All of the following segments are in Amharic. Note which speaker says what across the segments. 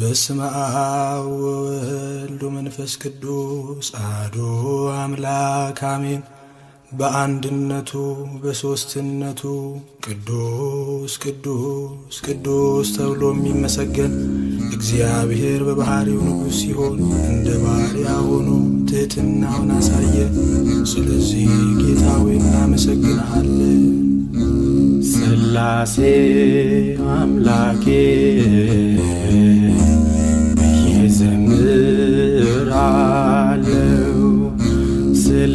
Speaker 1: በስመ አብ ወወልድ ወመንፈስ ቅዱስ አሐዱ አምላክ አሜን። በአንድነቱ በሦስትነቱ ቅዱስ ቅዱስ ቅዱስ ተብሎ የሚመሰገን እግዚአብሔር በባሕሪው ንጉሥ ሲሆን እንደ ባሪያ ሆኖ ትሕትናውን አሳየ። ስለዚህ ጌታዊ እናመሰግንሃለን። ሥላሴ አምላኬ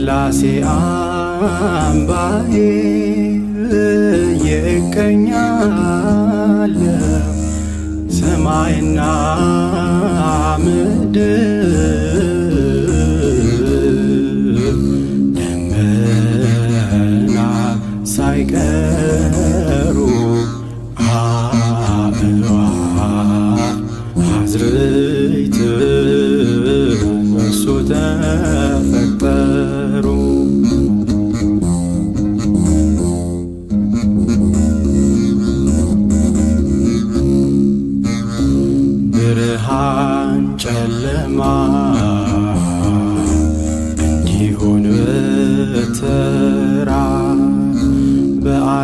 Speaker 1: ስላሴ አምባዬ ይቀኛል ሰማይና ምድር ደመና ሳይቀሩ አበባ አዝር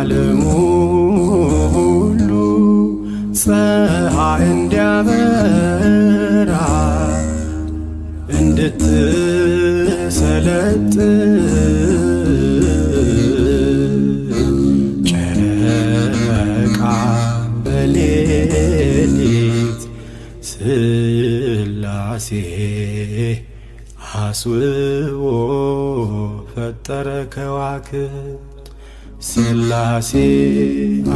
Speaker 1: ዓለም ሁሉ ፀሐይ እንዲያበራ እንድትሰለጥ ጨረቃ በሌሊት ስላሴ አስውቦ ፈጠረ ከዋክብት ስላሴ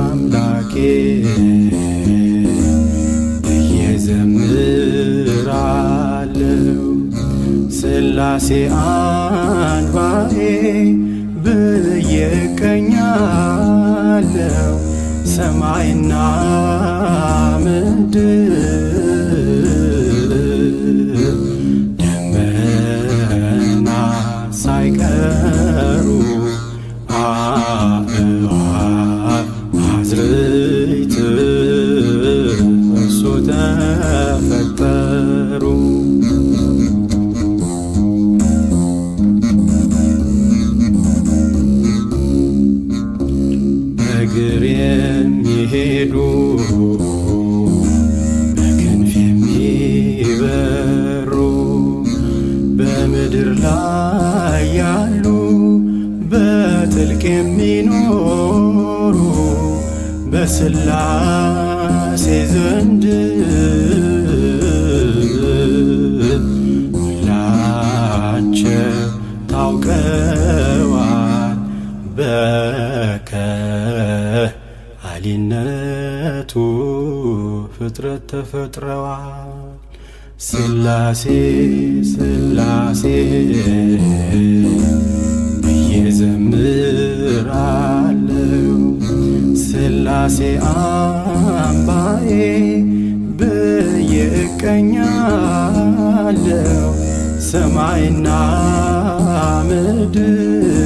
Speaker 1: አምላኬ እየዘምራለው ስላሴ አንባኤ ብዬ ቀኛለው ሰማይና በምድር ላይ ያሉ በጥልቅ የሚኖሩ በስላሴ ዘንድ ሁላቸው ታውቀዋል በከአሊነቱ ፍጥረት ተፈጥረዋል። ስላሴ ስላሴ ብዬ ዘምራለው። ስላሴ አምባዬ ብዬ እቀኛለው። ሰማይና ምድር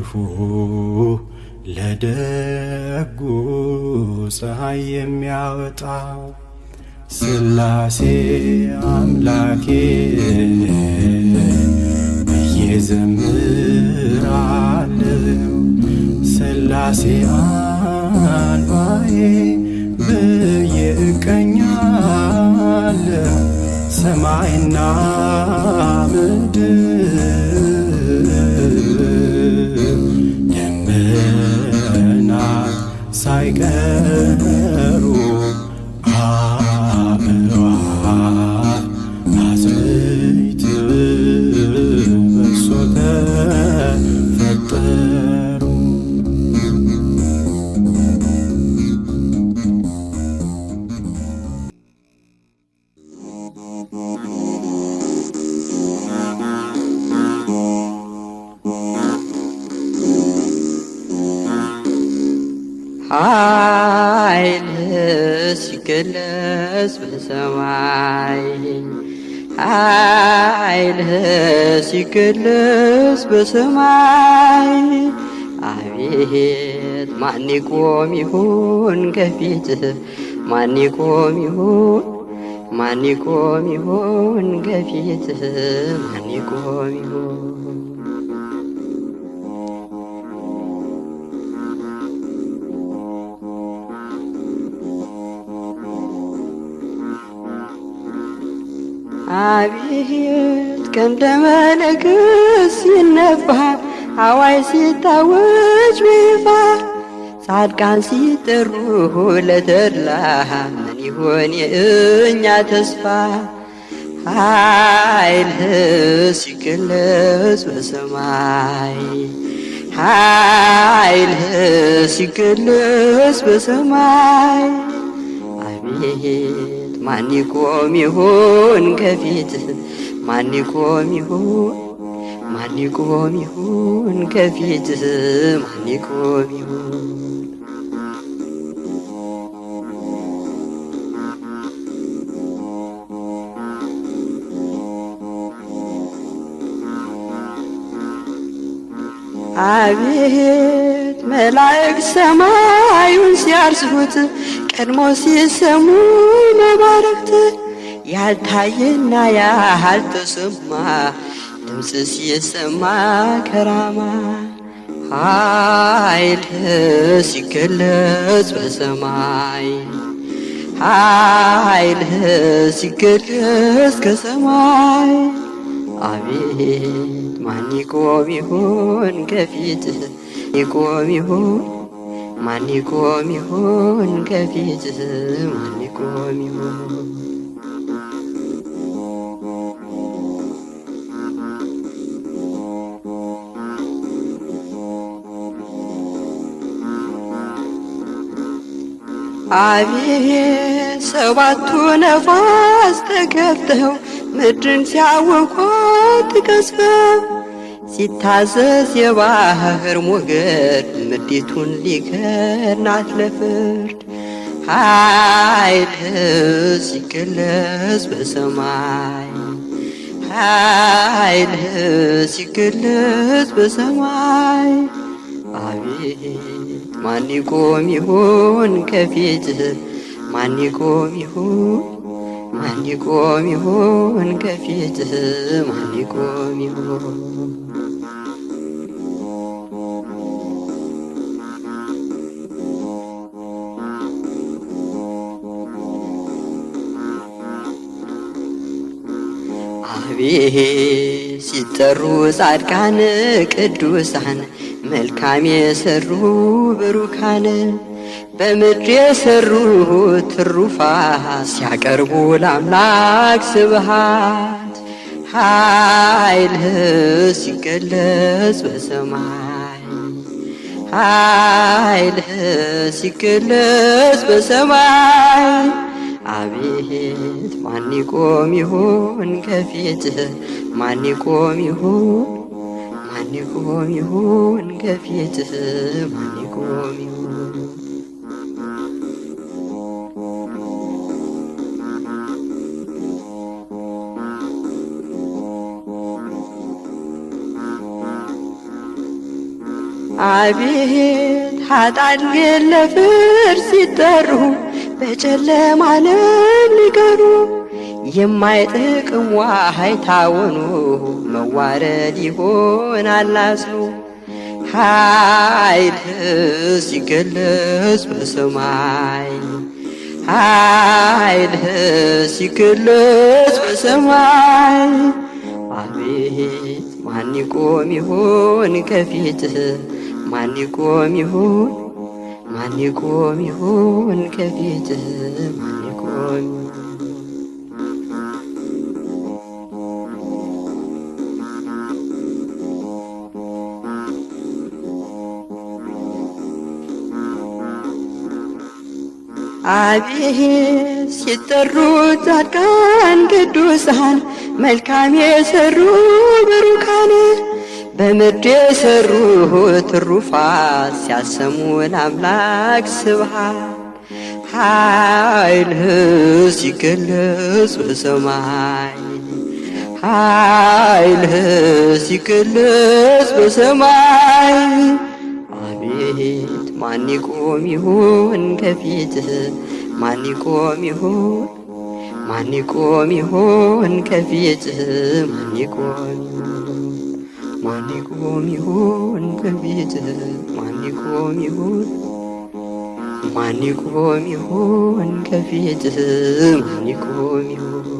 Speaker 1: ክፉ ለደጉ ፀሐይ የሚያወጣ ስላሴ አምላኬ እየዘምራለው ስላሴ አልባዬ ብዬ እቀኛለው ሰማይና ምድር ሳይቀር
Speaker 2: ትስክልስ በሰማይ ኃይልህ ሲክልስ በሰማይ አቤት ማን ይቆም ይሁን ከፊትህ ማን ይቆም ይሁን ማን ይቆም ይሁን ከፊትህ ማን ይቆም ይሁን አቤት ቀምደመ ለግስ ሲነፋ አዋይ ሲታወጅ በይፋ ጻድቃን ሲጠሩ ለተድላ ምን ይሆን የእኛ ተስፋ? ኃይልህ ሲገለጽ በሰማይ ኃይልህ ሲገለጽ በሰማይ አሜን ማን ይቆም ይሆን ከፊት ማን ይቆም ይሆን ማን ይቆም ይሆን ከፊት ማን ይቆም ይሆን አቤት መላእክ ሰማዩን ሲያርሱት ቀድሞ ሲሰሙ መባረክት ያልታየና ያልተሰማ ድምፅ ሲሰማ ከራማ ኃይል ሲገለጽ በሰማይ ኃይል ሲገለጽ ከሰማይ አቤት ማን ይቆም ይሆን ከፊትህ ይቆም ይሆን? ማን ይቆም ይሆን ከፊት? ማን ይቆም ይሆን? አቤት ሰባቱ ነፋስ ተከፍተው ምድርን ሲያወኳት ቀስፈው ሲታዘዝ የባህር ሞገድ ምድሪቱን ሊከናት ለፍርድ ኃይል ሲገለጽ በሰማይ ኃይል ሲገለጽ በሰማይ አቤት ማን ይቆም ይሆን ከፊትህ ማን ይቆም ይሆን ማን ይቆም ይሆን ከፊትህ ማን ይቆም ይሆን በቤሄ ሲጠሩ ጻድቃን ቅዱሳን መልካም የሰሩ ብሩካን በምድር የሰሩ ትሩፋ ሲያቀርቡ ለአምላክ ስብሃት ኃይልህ ሲገለጽ በሰማይ ኃይልህ ሲገለጽ በሰማይ አቤት ማን ይቆም ይሆን ከፊት ማን ይቆም ይሆን? ማን ይቆም ይሆን ከፊት ማን ይቆም ይሆን? አቤት ኃጥአን ግን ለፍርድ ሲጠሩ በጨለማ ዓለም ሊቀኑ የማይጠቅም ዋሃይ ታወኑ መዋረድ ይሆን አስሉ ኃይል ሲገለጽ በሰማይ ኃይል ሲገለጽ በሰማይ አቤት ማን ይቆም ይሆን ከፊት ማን ይቆም ይሆን ማን ይቆም ይሆን ከፊት ማን ይቆም አቤት ሲጠሩ ጻድቃን ቅዱሳን መልካም የሰሩ ብሩካን በምድር የሰሩት ትሩፋት ሲያሰሙ ለአምላክ ስብሃት ኃይልህ ሲገለጽ በሰማይ ኃይልህ ሲገለጽ በሰማይ አቤት ማን ይቆም ይሁን ከፊትህ ማን ይቆም ይሁን ማን ይቆም ይሁን ከፊትህ ማን ይቆም ማን ይቆም ይሆን በፊትህ ማን ይቆም ይሆን ማን ይቆም ይሆን ከፊትህ ማን
Speaker 1: ይቆም ይሆን